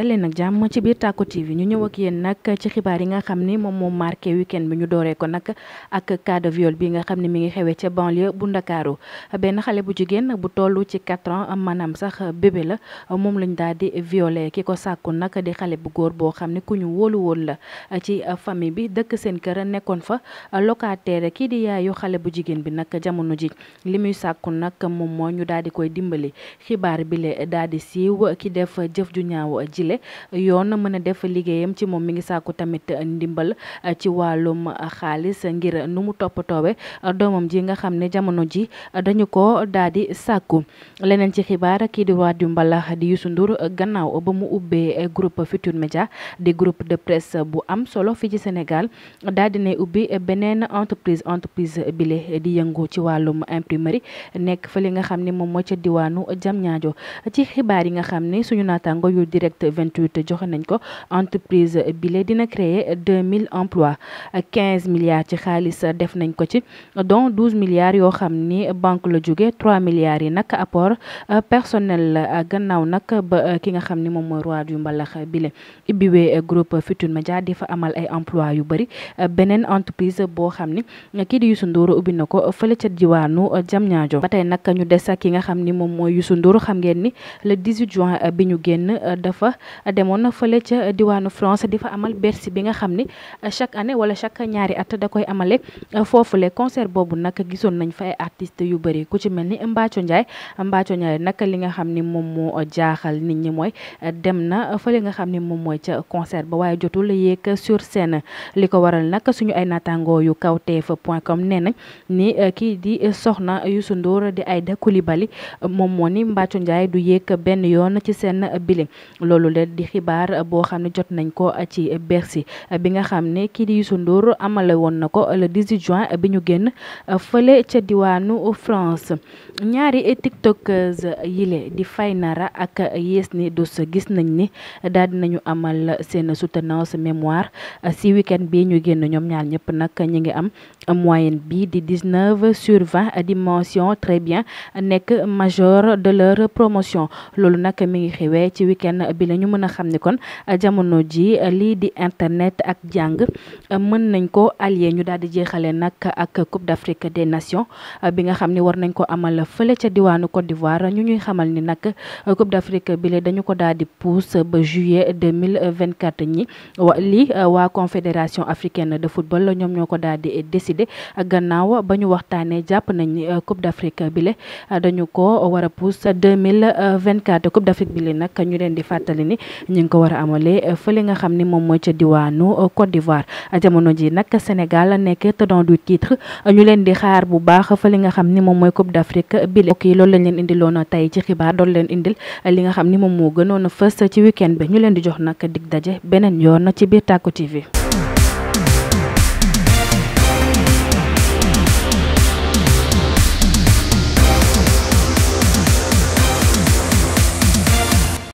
dalleen nag jàmm ci biir Tacko TV ñu ñëw ak yéen nag ci xibaar yi nga xam ni moom moo marqué week-end bi ñu dooree ko nag ak cas de bi nga xam ne mi ngi xewee ca banlieue bu Ndakaaru benn xale bu jigéen bu tollu ci 4 ans maanaam sax bébé la moom lañu daal di violé ki ko sàkku nag di xale bu góor boo xam ne ku ñu wóolu woon la ci famille bi dëkk seen kër a nekkoon fa locataire kii di yaayu xale bu jigéen bi nag jamono ji li muy sàkku nag moom moo ñu daal di koy dimbali xibaar bi le daal boobule yoon mën a def liggéeyam ci moom mi ngi sàkku tamit ndimbal eh, ci wàllum xaalis ngir nu mu toppatoowe doomam ji nga xam ne jamono ji dañu ko daal di sàkku leneen ci xibaar kii di roi du mbalax di Youssou Ndour gannaaw ba mu ubbee groupe Futurs Médias di groupe de presse bu am solo fii ci Sénégal daal di ne ubbi beneen entreprise entreprise bile di yëngu ci wàllum imprimerie nekk fa li nga xam ne moom moo ca diwaanu Diamniadio ci xibaar yi nga xam ne 2028 joxe nañ ko entreprise bile dina créer 2000 emplois 15 milliards ci xaalis def nañ ko ci dont 12 milliards yoo xam ni banque la jóge 3 milliards yi nag apport personnel gannaaw nag ba ki nga xam ni moom mooy roi yu mbalax bile ibbiwee groupe Futurs Médias di fa amal ay emploi yu bëri beneen entreprise boo xam ni kii di Youssou Ndour ubbi na ko fële ca diwaanu Diamniadio ba tey ñu des ki nga xam ni moom mooy Youssou Ndour xam ngeen ni le bi ñu demoon fële ca diwaanu France di fa amal Bercy bi nga xam ni chaque année wala chaque ñaari at da koy amale foofule concert boobu nag gisoon nañ fa ay artistes yu bëri ku ci mel ni Mbathio Ndiaye Mbathio Ndiaye nag li nga xam ni moom moo jaaxal nit ñi mooy dem na fële nga xam ni moom mooy ca concert ba waaye jotul yéeg sur scène li ko waral nag suñu ay naataangoo yu fa point com nee nañ ni eh, kii di soxna Youssou Ndour di Aïda Coulibaly eh, moom moo ni Mbathio Ndiaye du yéeg benn yoon ci seen loole di xibaar boo xam ne jot nañ ko ci Bercy bi nga xam ne kii di Youssou Ndour amale woon na ko le 18 juin bi ñu génn fële ca diwaanu France ñaari tiktokers yile di fay Faynara ak Yesni Dus gis nañ ni daal nañu amal seen soutenance mémoire si week-end bi ñu génn ñoom ñaar ñëpp nag ñu ngi am moyenne bi di 19 sur 20 dimension très bien nekk major de leur promotion loolu nag mi ngi xewee ci week-end ñu mën a xam ni kon euh, jamono ji euh, lii di internet ak jàng euh, mën nañ ko allier ñu daal di jeexale nag ak Coupe d'Afrique de Nations bi nga xam ni war nañ ko amal fële ce diwaanu Côte d'Ivoire ñu ñuy xamal ni nag Coupe d'Afrique bi le dañu ko daal di pousse ba juillet 2024 ñi wa lii waa Confédération africaine de football ñoom ñoo ko daal di décider gannaaw ba ñu waxtaanee jàpp nañ Coupe d'Afrique bi le dañu ko war a pousse 2024 Coupe d'Afrique bi le nag ñu di fàttali ni ngi ko war a amalee eh, fële nga xam ni moom mooy ca diwaanu eh, Côte d'Ivoire jamono ji nag Sénégal nekk tenant du titre eh, ñu leen di xaar bu baax fële nga xam ni moom mooy Coupe d'Afrique bi mbokk yi loolu lañ leen indiloon tey ci xibaar doon leen indil li nga xam ni moom moo gënoon a fës ci week-end ñu leen di jox nag dig daje beneen yoon ci biir Tacko TV